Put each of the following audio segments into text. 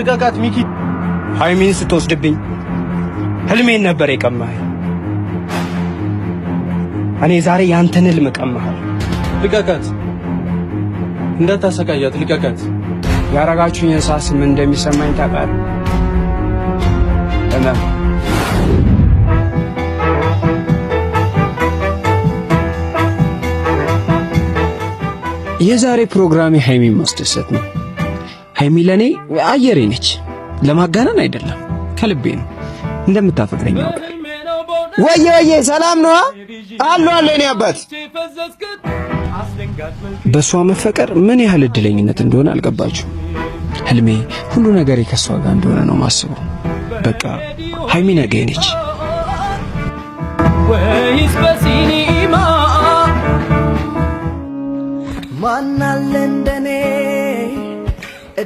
አትነቃቃት ሚኪ። ሀይሚን ስትወስድብኝ ህልሜን ነበር የቀማህ። እኔ ዛሬ ያንተን ህልም ቀማሃል። ልቀቃት፣ እንዳታሰቃያት፣ ልቀቃት። ያረጋችሁኝ እንስሳ ምን እንደሚሰማኝ ታውቃለህ? እመም የዛሬ ፕሮግራሜ ሀይሚን ማስደሰት ነው። ሀይሚለኔ አየሬ ነች። ለማጋነን አይደለም፣ ከልቤ ነው። እንደምታፈቅረኝ ያውቃል። ወየ ወየ፣ ሰላም ነው አሉ አለ። እኔ አባት በእሷ መፈቀር ምን ያህል እድለኝነት እንደሆነ አልገባችሁ። ህልሜ ሁሉ ነገር የከሷ ጋር እንደሆነ ነው ማስበው። በቃ ሀይሚ ነገ ነች።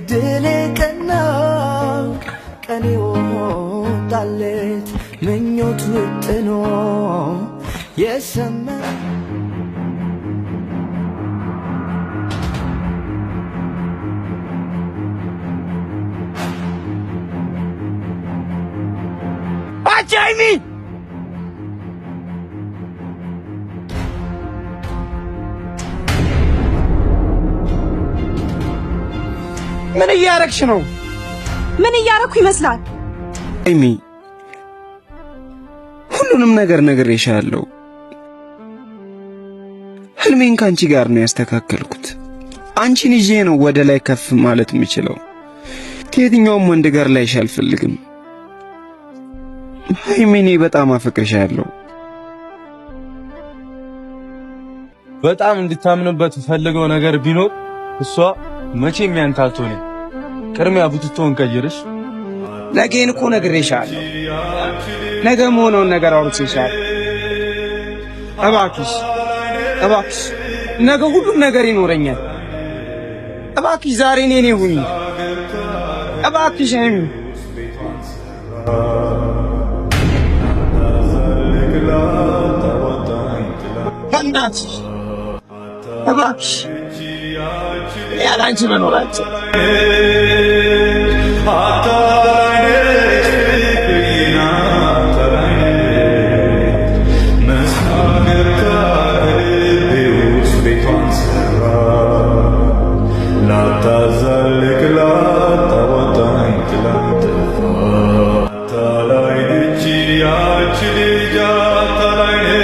እድሌ ቀና ቀኔ ወጣለት ምኞት ውጥኖ የሰማ Jamie! ምን እያረግሽ ነው? ምን እያረኩ ይመስላል? ሀይሚ ሁሉንም ነገር ነግሬሻለሁ። ህልሜን ከአንቺ ጋር ነው ያስተካከልኩት። አንቺን ይዤ ነው ወደ ላይ ከፍ ማለት የምችለው። ከየትኛውም ወንድ ጋር ላይሽ አልፈልግም። ሀይሚ እኔ በጣም አፈቅርሻለሁ። በጣም እንድታምንበት ፈልገው ነገር ቢኖር እሷ መቼ ያንተ አትሆንም። ቅድሚያ ቡትቶን ቀይርሽ። ነገን እኮ ነግሬሻለሁ። ነገ መሆነውን ነገር አውርቼሻለሁ። እባክሽ እባክሽ፣ ነገ ሁሉም ነገር ይኖረኛል። እባክሽ ዛሬ እኔ ነኝ ሁኚ። እባክሽ አይሚ እናትሽ እባክሽ Yaalancı ben olancı. Thank you.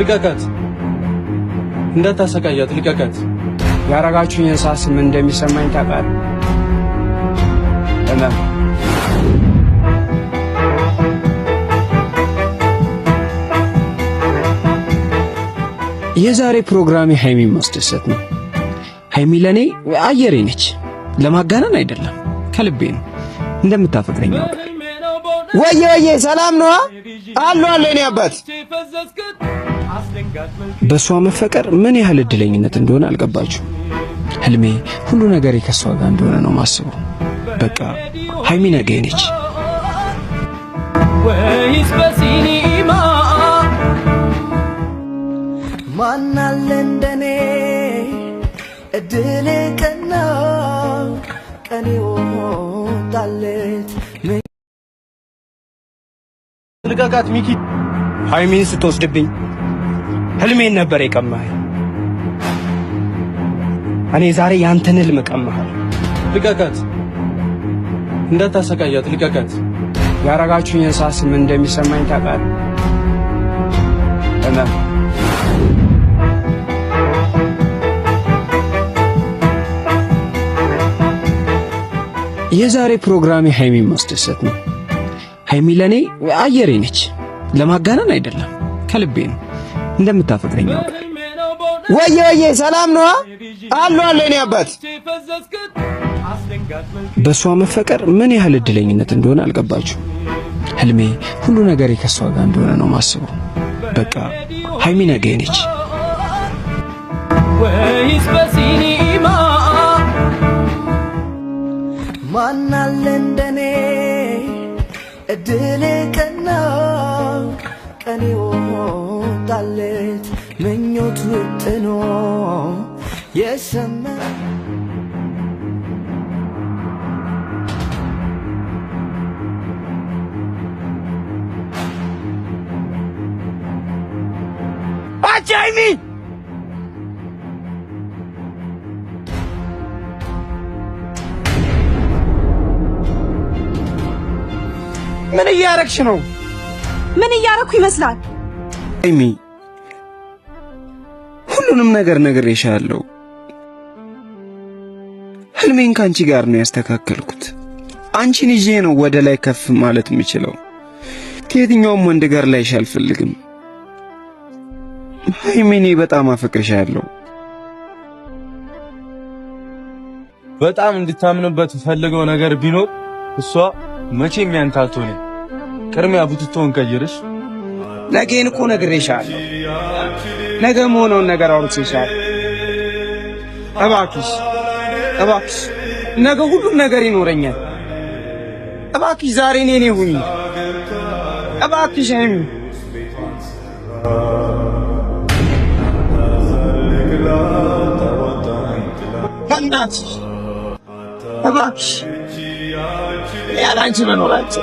ልቀቀት፣ እንዳታሰቃያት፣ ልቀቀት። ያረጋችሁ የእሳት ስም እንደሚሰማኝ ታውቃለህ። እመም የዛሬ ፕሮግራም ሀይሚን ማስደሰት ነው። ሀይሚ ለእኔ አየሬ ነች። ለማጋነን አይደለም፣ ከልቤ ነው። እንደምታፈቅረኝ ያውቃል። ወየ ወየ፣ ሰላም ነዋ አሉ አለ እኔ አባት በእሷ መፈቀር ምን ያህል እድለኝነት እንደሆነ አልገባችሁ። ህልሜ ሁሉ ነገር ከሷ ጋር እንደሆነ ነው ማስቡ። በቃ ሀይሚ ነገ ነች። ማናለ እንደኔ እድል ቀና ቀኔ ወጣለት ልቀቃት ሚኪ ሀይሚን ስትወስድብኝ ህልሜን ነበር የቀማኸኝ። እኔ ዛሬ ያንተን ህልም ቀማኸኝ። ልቀቀት፣ እንዳታሰቃያት፣ ልቀቀት። ያረጋችሁኝን ስም እንደሚሰማኝ ታውቃለህ። እመ የዛሬ ፕሮግራሜ ሃይሚ ማስደሰት ነው። ሀይሚ ለእኔ አየሬ ነች። ለማጋነን አይደለም፣ ከልቤ ነው። እንደምታፈቅረኛው ወየ ወየ፣ ሰላም ነው አሉ አለ እኔ አባት። በእሷ መፈቀር ምን ያህል እድለኝነት እንደሆነ አልገባችሁ። ህልሜ ሁሉ ነገር ከሷ ጋር እንደሆነ ነው ማስበው። በቃ ሀይሚ ነገ ነች። ማናለ እንደኔ እድል ቀና ቀኔው ሞላለት ምኞት ውጥኖ የሰማ ጃይሚ ምን እያረግሽ ነው? ምን እያረግኩ ይመስላል? ጃይሚ ሁሉንም ነገር ነግሬሻለሁ። ህልሜን ከአንቺ ጋር ነው ያስተካከልኩት። አንቺን ይዤ ነው ወደ ላይ ከፍ ማለት የምችለው። ከየትኛውም ወንድ ጋር ላይሽ አልፈልግም። ሀይሚኔ በጣም አፈቅርሻለሁ። በጣም እንድታምንበት ፈልገው ነገር ቢኖር እሷ መቼም ያንተ አትሆንም። ቅድሚያ ቡትቶን ቀይርሽ ነገን እኮ ነግሬሻለሁ። ነገ መሆነውን ነገር አውርቼሻለሁ። እባክሽ እባክሽ፣ ነገ ሁሉም ነገር ይኖረኛል። እባክሽ ዛሬ እኔ ነኝ ሁኚ። እባክሽ አይሚ እባክሽ፣ ያለ አንቺ መኖራቸው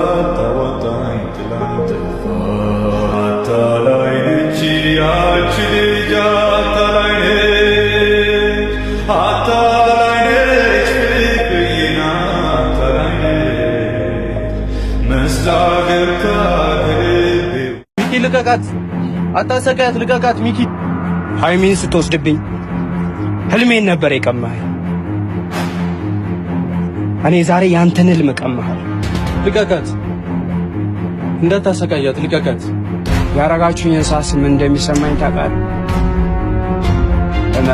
ሚኪ ልቀቃት፣ አታሰቃያት፣ ልቀቃት ሚኪ። ሀይሚን ስትወስድብኝ ህልሜን ነበር የቀማህ። እኔ ዛሬ ያንተን ህልም እቀማሃለሁ። ልቀቃት፣ እንዳታሰቃያት፣ ልቀቃት። ያረጋችሁኝ ስም እንደሚሰማኝ ታውቃለህ እና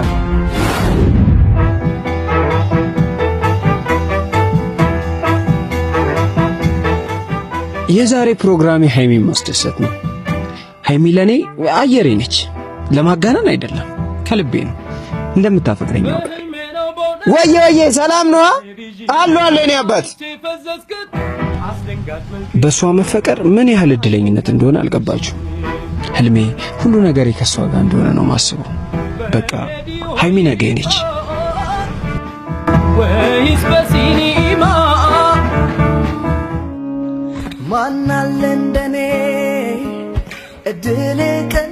የዛሬ ፕሮግራሜ ሀይሚን ማስደሰት ነው። ሀይሚ ለእኔ አየሬ ነች። ለማጋነን አይደለም፣ ከልቤ ነው። እንደምታፈቅረኝ ያውቃል። ወየ ወየ፣ ሰላም ነዋ አሉ አለ እኔ አባት። በእሷ መፈቀር ምን ያህል እድለኝነት እንደሆነ አልገባችሁ። ህልሜ ሁሉ ነገር ከሷ ጋር እንደሆነ ነው ማስበው። በቃ ሀይሚ ነገ ነች። ማናለ እንደኔ እድል